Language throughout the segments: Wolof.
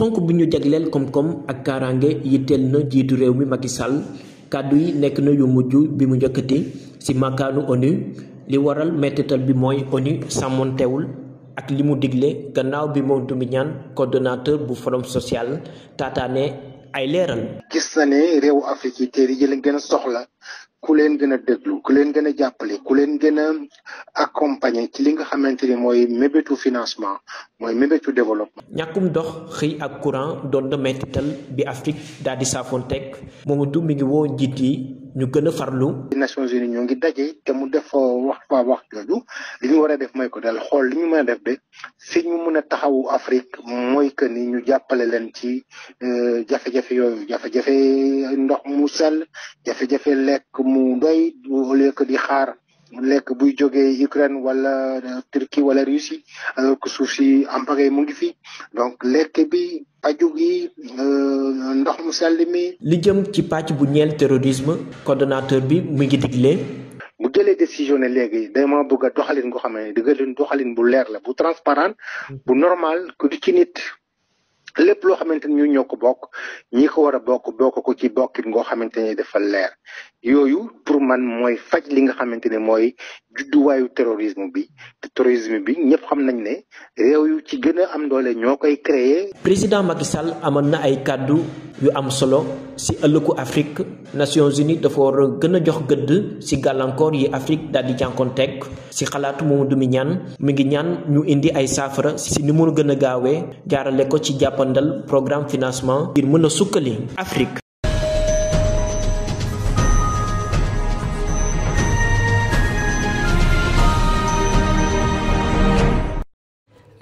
ponk bu ñu jagleel koom-koom ak kaaraange yi yitteel na jiitu réew mi Macky Sall kàddu yi nekk na yu mujj bi mu njëkkati ci màkkaanu ONU li waral mettital bi mooy ONU sàmmontewul ak li mu digle gannaaw bi moom Ndoumbi Niane coordonnateur bu forom social taataane ay leeral. gis na ne réewu Afrique yi téere yi lañ gën a soxla ku leen gën a ku leen gën a jàppale ku leen gën a accompagner ci li nga xamante ni mooy mébétu financement mooy mébétu développement. ñàkkum dox xëy ak courant doon na mettital bi Afrique daal di saafoon teg Momadou mi ngi woo njiit yi. ñu gën a farlu. Nations Unies ñoo ngi daje te mu def wax fa wax jooju li ñu war a def mooy ko dal xool li ñu mën a def de fi ñu mën a taxawu Afrique mooy que ni ñu jàppale leen ci euh, jafe-jafe yooyu jafe-jafe ndox mu sell jafe-jafe lekk mu doy au lieu que di xaar. lekk buy jógee Ukraine wala euh, Turquie wala Russie alors que suuf si ampagay mu ngi fi donc lekk bi paju gi euh, ndox mu sell mi. li jëm ci pàcc bu ñeel terrorisme coordonnateur bi mu ngi digle. bu jëlee décision ne léegi dama bëgg a doxalin nga xam ne dëgg doxalin bu leer la bu transparent bu normal ku di ci nit. lépp loo xamante ni ñu ñoo ko bokk ñi ko war a bokk bokk ko ci bokkit ngoo xamante ni dafa leer yooyu pour man mooy faj li nga xamante ne mooy judduwaayu terrorisme bi te terrorisme bi ñëpp xam nañ ne réew yu ci gën a am doole ñoo koy créer. président Macky Sall amoon na ay kàddu yu am solo si ëllëgu Afrique Nations Unies dafa war a gën a jox gëdd ci gàllankoor yi Afrique daal di teg si xalaatu du Mamadou Mignane mi ngi ñaan ñu indi ay saafara si ni mu gën a gaawee jaarale ko ci jàppandal programme financement ngir mën a sukkali Afrique.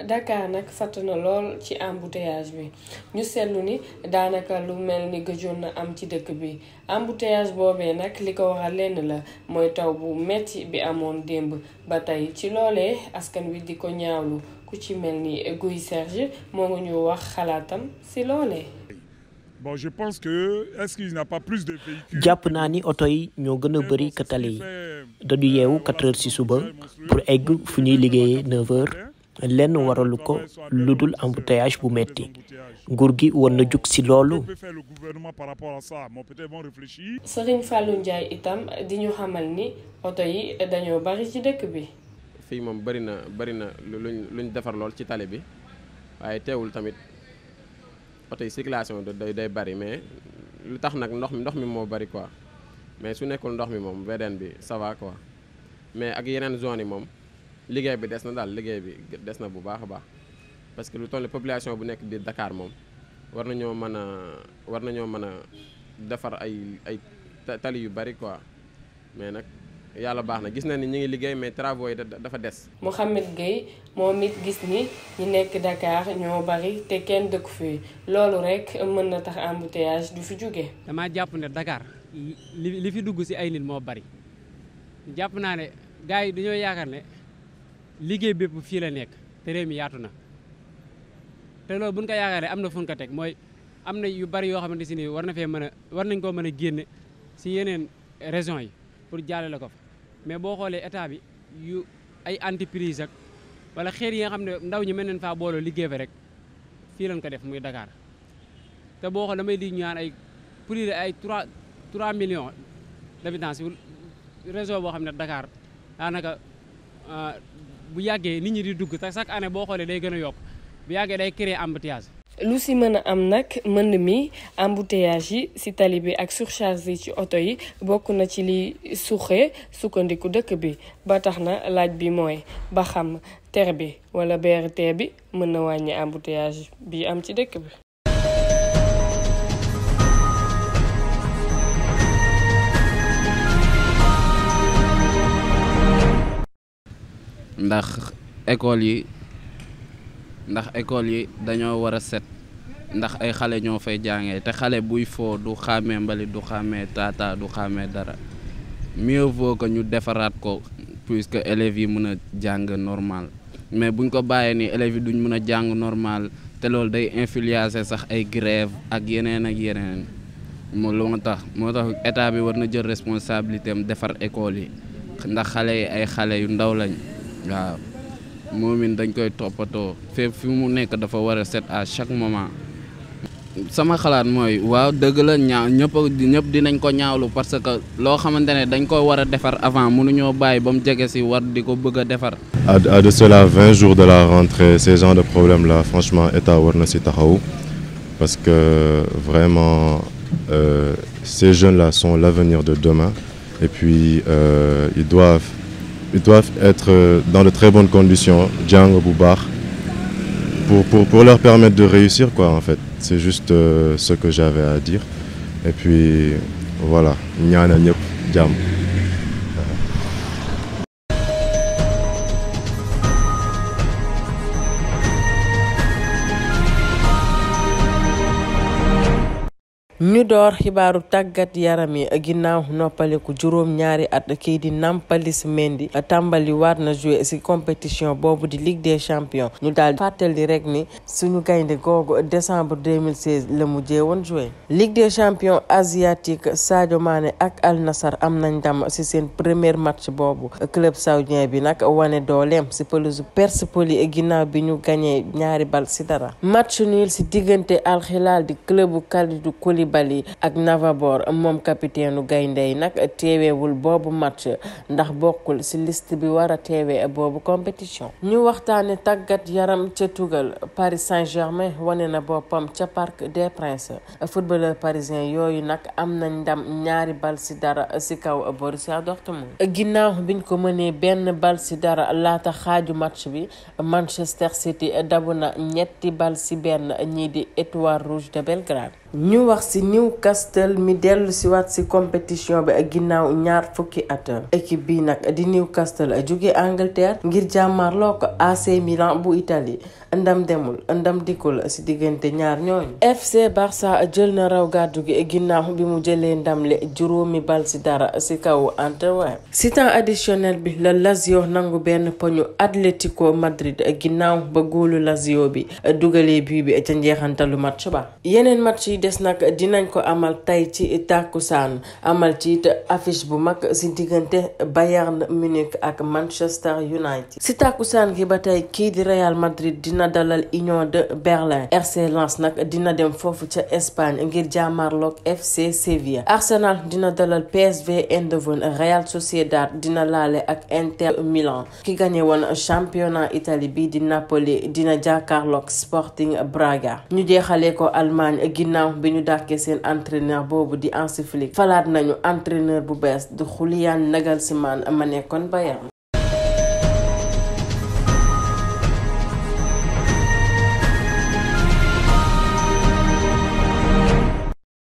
Dakar nag fatt na lool ci embouteillage bi ñu seetlu ni daanaka lu mel ni gëjoon na am ci dëkk bi embouteillage boobee nag li ko waxal lenn la mooy taw bu metti bi amoon démb ba tey ci loolee askan wi di ko ñaawlu ku ci mel ni Guy Serge moo nga ñu wax xalaatam si loolee. je pense que est-ce jàpp naa ni oto yi ñoo gën a bëri katale yi dañu yeewu 4 heures si suba pour egg fu ñuy liggéeyee 9 heures. lenn waralu ko lu dul embouteillage bu metti nguur gi war na jug si loolu. Serigne Fallou Ndiaye itam di ñu xamal ni oto yi dañoo bari ci dëkk bi. fii moom bari na bari na luñ luñ defar lool ci tali bi waaye teewul tamit oto yi circulation day day bari mais lu tax nag ndox mi ndox mi moo bari quoi mais su nekkul ndox mi moom VDN bi ça va mais ak yeneen zone yi moom. liggéey bi des na daal liggéey bi des na bu baax a baax parce que lu toll population bu nekk biir Dakar moom war nañoo mën a war nañoo mën a defar ay ay tali yu bari quoi mais nag yàlla baax na gis na ni ñu ngi liggéey mais travaux yi dafa des. Mouhamed Gueye moom it gis ni ñi nekk dakaar ñoo bari te kenn dëkku fii loolu rek mën na tax embouteillage du fi jóge. damaa jàpp ne dakaar li li fi dugg ci ay nit moo bari jàpp naa ne gars yi dañoo yaakaar ne. liggéey bépp fii la nekk te réew mi yaatu na te loolu buñ ko yaakaaree am na fu ko teg mooy am na yu bari yoo xamante si ni war na fee mën a war nañ koo mën a génne si yeneen régions yi pour jàllale ko fa mais boo xoolee état bi yu ay entreprise ak walla xeer yi nga xam ne ndaw ñi mën nañ faa booloo liggéey fa rek fii lañ ko def muy Dakar te boo xoolee damay di ñaan ay plus ay trois 3 million d'habitants si région boo xam ne dakaar daanaka euh, bu yàggee nit ñi di dugg te chaque année boo xoolee day gën a yokk bu yàggee day créer embouteillage. lu si mën a am nag mën mi embouteillage yi si tali bi ak surcharge yi ci oto yi bokk na ci li suuxee sukkandiku dëkk bi ba tax na laaj bi mooy ba xam TER bi wala BRT bi mën na wàññi embouteillage bi am ci dëkk bi. ndax école yi ndax école yi dañoo war a set ndax ay xale ñoo fay jàngee te xale buy foo du xàmmee mbalit du xàmmee taata du xàmmee dara mieux vaut que ñu defaraat ko que élèves yi mën a jàng normal mais buñ ko bàyyee nii élèves yi duñ mën a jàng normal te loolu day influencer sax ay grève ak yeneen ak yeneen moo lu tax moo tax état bi war na jël responsabilité am defar école yi ndax xale yi ay xale yu ndaw lañ waaw moom it dañ koy toppatoo fépp fi dafa war set à chaque moment. sama xalaat moy waaw deug la ñaaw ñepp ñëpp dinañ ko ñaawlu parce que lo xamante dañ ko wara défar avant mënu ñoo ba bam jégué ci war diko bëgg défar à de cela 20 jours de la rentrée ces genre de problème là franchement état war na si taxaw parce que vraiment euh, ces jeunes là sont l'avenir de demain et puis euh, ils doivent ils doivent être euh, dans de très bonnes conditions, pour, pour, leur permettre de réussir, quoi, en fait. C'est juste euh, ce que j'avais à dire. Et puis, voilà, un Nyop, jam. ñu door xibaaru tàggat yaram yi ginnaaw noppaliku juróom ñaari at kii di Nampalys Mendy tàmbali waat na jouer ci compétition boobu di Ligue des champions ñu daal fàttali rek ni suñu gaynde googu décembre 2016 la mujjee woon jouer Ligue des champions asiatique Sadio Mané ak Al nasar am nañ ndam ci seen premier match boobu club saoudien bi nag wane dooleem si ci pelouse Persepolis ginnaaw bi ñu gagné ñaari bal si dara match nul ci diggante Al di Bali, ak Navabor mom kapiteenu gaynde N'ak nag match ndax bokul ci liste bi wara a bobu compétition ñu waxtane tagat yaram ci Paris Saint-Germain wane na bopam ci Parc des Princes footballeur parisien yoyu n'ak am na ndam ñaari bal ci ci kaw Borussia Dortmund ginnaaw biñ ko mënee benn bal ci match bi Manchester City dabona ñetti bal ci benn di Étoile Rouge de Belgrade ñu di si Newcastle mi dellu si waat si compétition bi ak ginnaaw ñaar fukki at équipe bi nag di a jóge Angleterre ngir jàmmarloo ko AC Milan bu Italie ndam demul ndam dikkul si diggante ñaar ñooñu. FC Barça jël na raw gàddu gi ginnaaw bi mu jëlee ndam li juróomi bal si dara si kaw Antwerp. si temps additionnel bi la Lazio nangu benn poñu Atlético Madrid ginnaaw ba góolu Lazio bi dugalee bii bi ca njeexantalu match ba. yeneen match yi des nag dinañ ko amal tey ci tàkkusaan amal ci it bu mag si diggante Bayern Munich ak Manchester United. si tàkkusaan gi ba tey kii di Real Madrid dina dalal Union de Berlin RC Lens nag dina dem foofu ca Espagne ngir jàmmarloog FC Sevilla Arsenal dina dalal PSV Eindhoven Real Sociedad dina laale ak Inter Milan ki gagné woon championnat itali bi di Napoli dina jàkkaarloog Sporting Braga ñu jeexalee ko Allemagne ginnaaw bi ñu dàkkee seen entraîneur boobu di Hansi Flick falaat nañu entraîneur bu bees di Julian Nagelsmann ma nekkoon Bayern